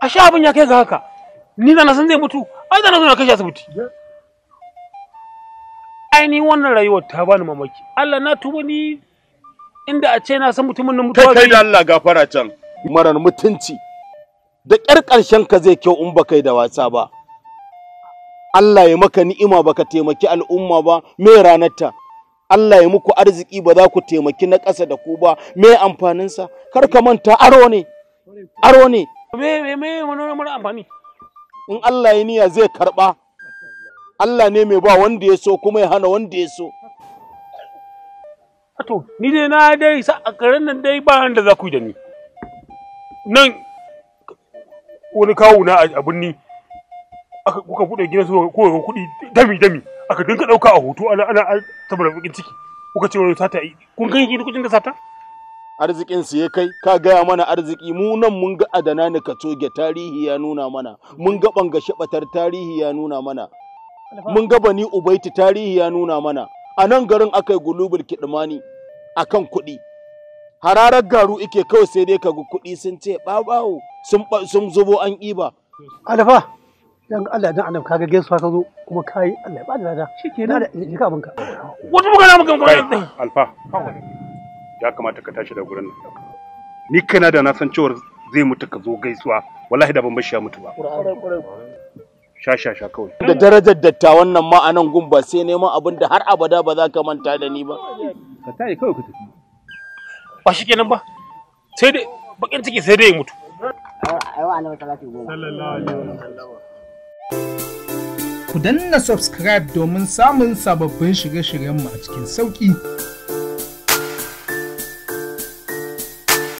ashe abin ya kai ga haka ni zana na san zai mutu ai da na zo na kashe asibiti ai ni wannan rayuwar ta bani mamaki Allah na tuba ni inda a ce na san mutumin nan mutuwa kai da Allah gafara can marar mutunci da ƙyar ƙarshen ka zai kyau in ba kai da wasa ba Allah ya maka ni'ima baka taimaki al'umma ba me ranarta Allah ya muku arziki ba za ku taimaki na ƙasa da ku ba me amfaninsa kar ka manta aro ne aro ne Me me wani mara amfani. In Allah ya niyya zai karɓa. Allah ne mai ba wanda ya so kuma ya hana wanda ya so. To, ni dai na dai sa a karen nan dai ba da za ku yi da ni. Nan wani kawo na a birni aka kuka buɗe gidan su ko kuɗi dami dami aka dinka ɗauka a hoto ana ana saboda bakin ciki kuka ce wani sata kun kan yi kuɗin da sata? arzikin su ya kai ka gaya mana arziki mu nan mun ga adana ni ka toge tarihi ya nuna mana mun ga bangashe batar tarihi ya nuna mana mun ga bani ubaiti tarihi ya nuna mana a nan garin aka yi gulubul kidmani akan kuɗi hararar garu ike kawai sai dai ka ga kuɗi sun ce babawo sun sun zubo an iba alfa dan Allah dan annabi kaga gaisuwa ka zo kuma kai Allah ya ba da lada shikenan ka abinka wata magana muka alfa kawai ya kamata ka tashi da gurin nan ni kana da na san cewar zai mutu ka zo gaisuwa wallahi da ban bar shi ya mutu ba sha sha sha kawai da darajar datta wannan ma a nan gun ba sai neman abin da har abada ba za ka manta da ni ba ka tayi kawai ka tafi ba shi kenan ba sai dai bakin take sai dai ya mutu Ku danna subscribe domin samun sababbin shirye-shiryenmu a cikin sauƙi.